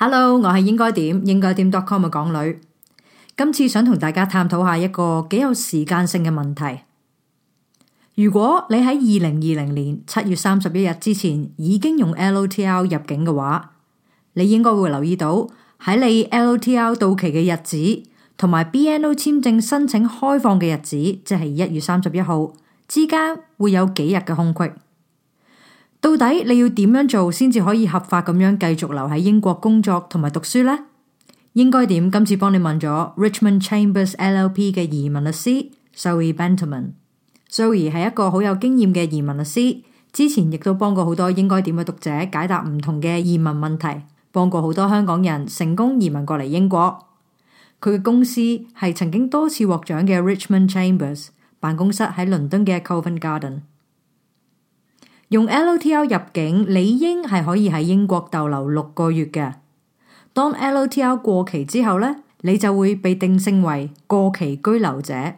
Hello，我係應該點應該點 .com 嘅港女，今次想同大家探討下一個幾有時間性嘅問題。如果你喺二零二零年七月三十一日之前已經用 LOTR 入境嘅話，你應該會留意到喺你 LOTR 到期嘅日子同埋 BNO 簽證申請開放嘅日子，即係一月三十一號之間會有幾日嘅空隙。到底你要點樣做先至可以合法咁樣繼續留喺英國工作同埋讀書呢？應該點？今次幫你問咗 Richmond Chambers LLP 嘅移民律師 Sue Bentham。Sue 係一個好有經驗嘅移民律師，之前亦都幫過好多應該點嘅讀者解答唔同嘅移民問題，幫過好多香港人成功移民過嚟英國。佢嘅公司係曾經多次獲獎嘅 Richmond Chambers，辦公室喺倫敦嘅 Covent Garden。用 L O T L 入境，理應係可以喺英國逗留六個月嘅。當 L O T L 過期之後咧，你就會被定性為過期居留者。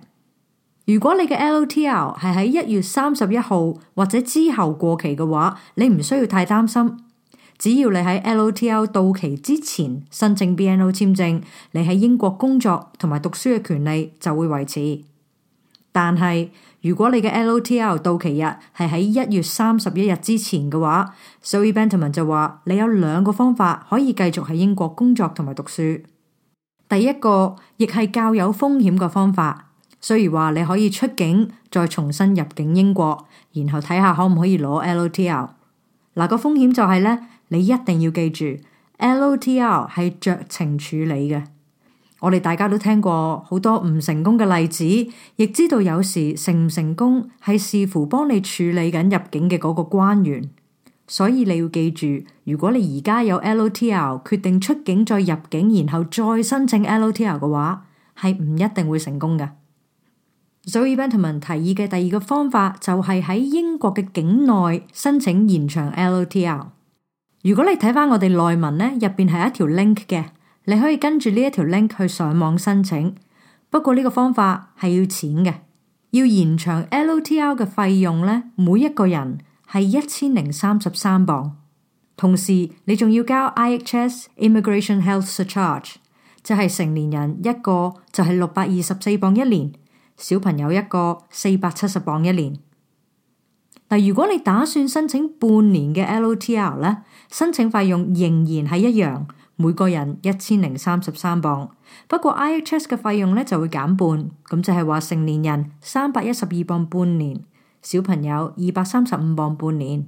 如果你嘅 L O T L 係喺一月三十一號或者之後過期嘅話，你唔需要太擔心。只要你喺 L O T L 到期之前申請 B N O 簽證，你喺英國工作同埋讀書嘅權利就會維持。但係，如果你嘅 L O T L 到期日係喺一月三十一日之前嘅話，Sue Bentham 就話你有兩個方法可以繼續喺英國工作同埋讀書。第一個亦係較有風險嘅方法，雖然話你可以出境再重新入境英國，然後睇下可唔可以攞 L O T L。嗱，個風險就係咧，你一定要記住 L O T L 係酌情處理嘅。我哋大家都聽過好多唔成功嘅例子，亦知道有時成唔成功係視乎幫你處理緊入境嘅嗰個官員。所以你要記住，如果你而家有 LOTR 決定出境再入境，然後再申請 LOTR 嘅話，係唔一定會成功嘅。所以 Bentham 提議嘅第二個方法就係喺英國嘅境內申請延長 LOTR。如果你睇翻我哋內文呢，入邊係一條 link 嘅。你可以跟住呢一條 link 去上網申請，不過呢個方法係要錢嘅，要延長 LOTL 嘅費用呢，每一個人係一千零三十三磅，同時你仲要交 IHS Immigration Health Surcharge，就係成年人一個就係六百二十四磅一年，小朋友一個四百七十磅一年。但如果你打算申請半年嘅 LOTL 呢，申請費用仍然係一樣。每個人一千零三十三磅，不過 IHS 嘅費用咧就會減半，咁就係、是、話成年人三百一十二磅半年，小朋友二百三十五磅半年。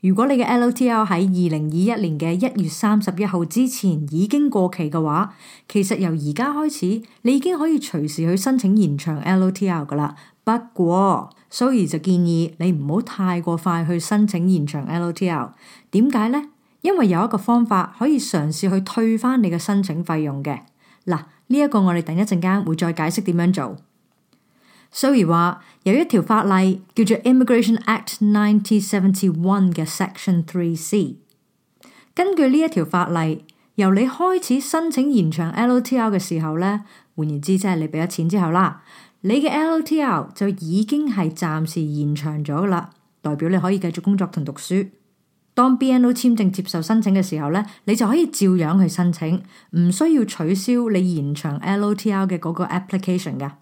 如果你嘅 LTL 喺二零二一年嘅一月三十一號之前已經過期嘅話，其實由而家開始你已經可以隨時去申請延長 LTL 噶啦。不過 r 怡、so、就建議你唔好太過快去申請延長 LTL，點解咧？因為有一個方法可以嘗試去退翻你嘅申請費用嘅，嗱，呢一個我哋等一陣間會再解釋點樣做。So, 所以話有一條法例叫做 Immigration Act 1971嘅 Section 3C。根據呢一條法例，由你開始申請延長 LTL 嘅時候咧，換言之即係你畀咗錢之後啦，你嘅 LTL 就已經係暫時延長咗啦，代表你可以繼續工作同讀書。當 BNO 簽證接受申請嘅時候咧，你就可以照樣去申請，唔需要取消你延長 LOTR 嘅嗰個 application 噶。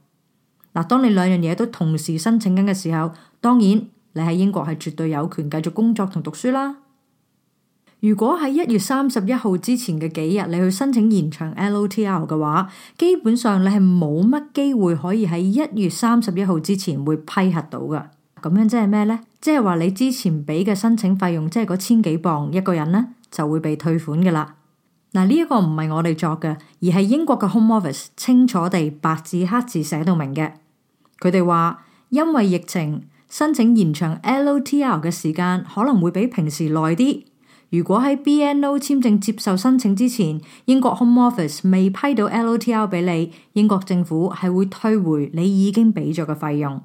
嗱，當你兩樣嘢都同時申請緊嘅時候，當然你喺英國係絕對有權繼續工作同讀書啦。如果喺一月三十一號之前嘅幾日你去申請延長 LOTR 嘅話，基本上你係冇乜機會可以喺一月三十一號之前會批核到噶。咁樣即係咩呢？即係話你之前俾嘅申請費用，即係嗰千幾磅一個人呢，就會被退款噶啦。嗱，呢一個唔係我哋作嘅，而係英國嘅 Home Office 清楚地白字黑字寫到明嘅。佢哋話，因為疫情申請延長 LOTR 嘅時間可能會比平時耐啲。如果喺 B N O 簽證接受申請之前，英國 Home Office 未批到 LOTR 俾你，英國政府係會退回你已經俾咗嘅費用。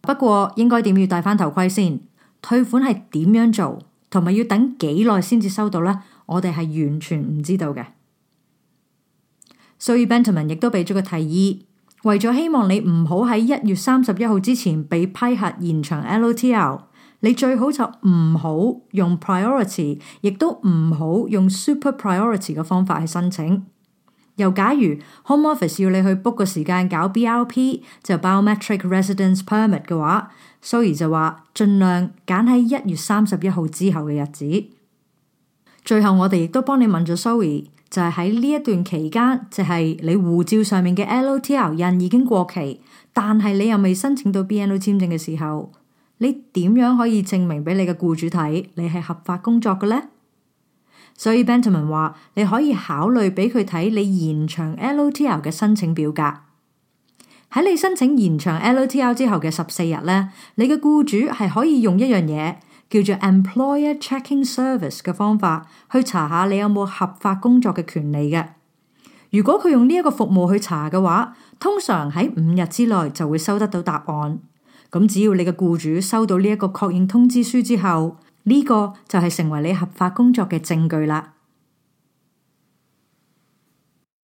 不過應該點，要戴翻頭盔先？退款係點樣做？同埋要等幾耐先至收到呢？我哋係完全唔知道嘅。所以，Benjamin 亦都畀咗個提議，為咗希望你唔好喺一月三十一號之前畀批核延長 LTL，你最好就唔好用 priority，亦都唔好用 super priority 嘅方法去申請。又假如 home office 要你去 book 個時間搞 B R P 就 biometric residence permit 嘅話，s o w y 就話盡量揀喺一月三十一號之後嘅日子。最後我哋亦都幫你問咗 s o w y，就係喺呢一段期間，就係、是、你護照上面嘅 L O T R 印已經過期，但係你又未申請到 B N O 簽證嘅時候，你點樣可以證明俾你嘅僱主睇你係合法工作嘅咧？所以、so、Benjamin 話，你可以考慮俾佢睇你延長 LTL 嘅申請表格。喺你申請延長 LTL 之後嘅十四日咧，你嘅僱主係可以用一樣嘢叫做 Employer Checking Service 嘅方法去查下你有冇合法工作嘅權利嘅。如果佢用呢一個服務去查嘅話，通常喺五日之內就會收得到答案。咁只要你嘅僱主收到呢一個確認通知書之後，呢個就係成為你合法工作嘅證據啦。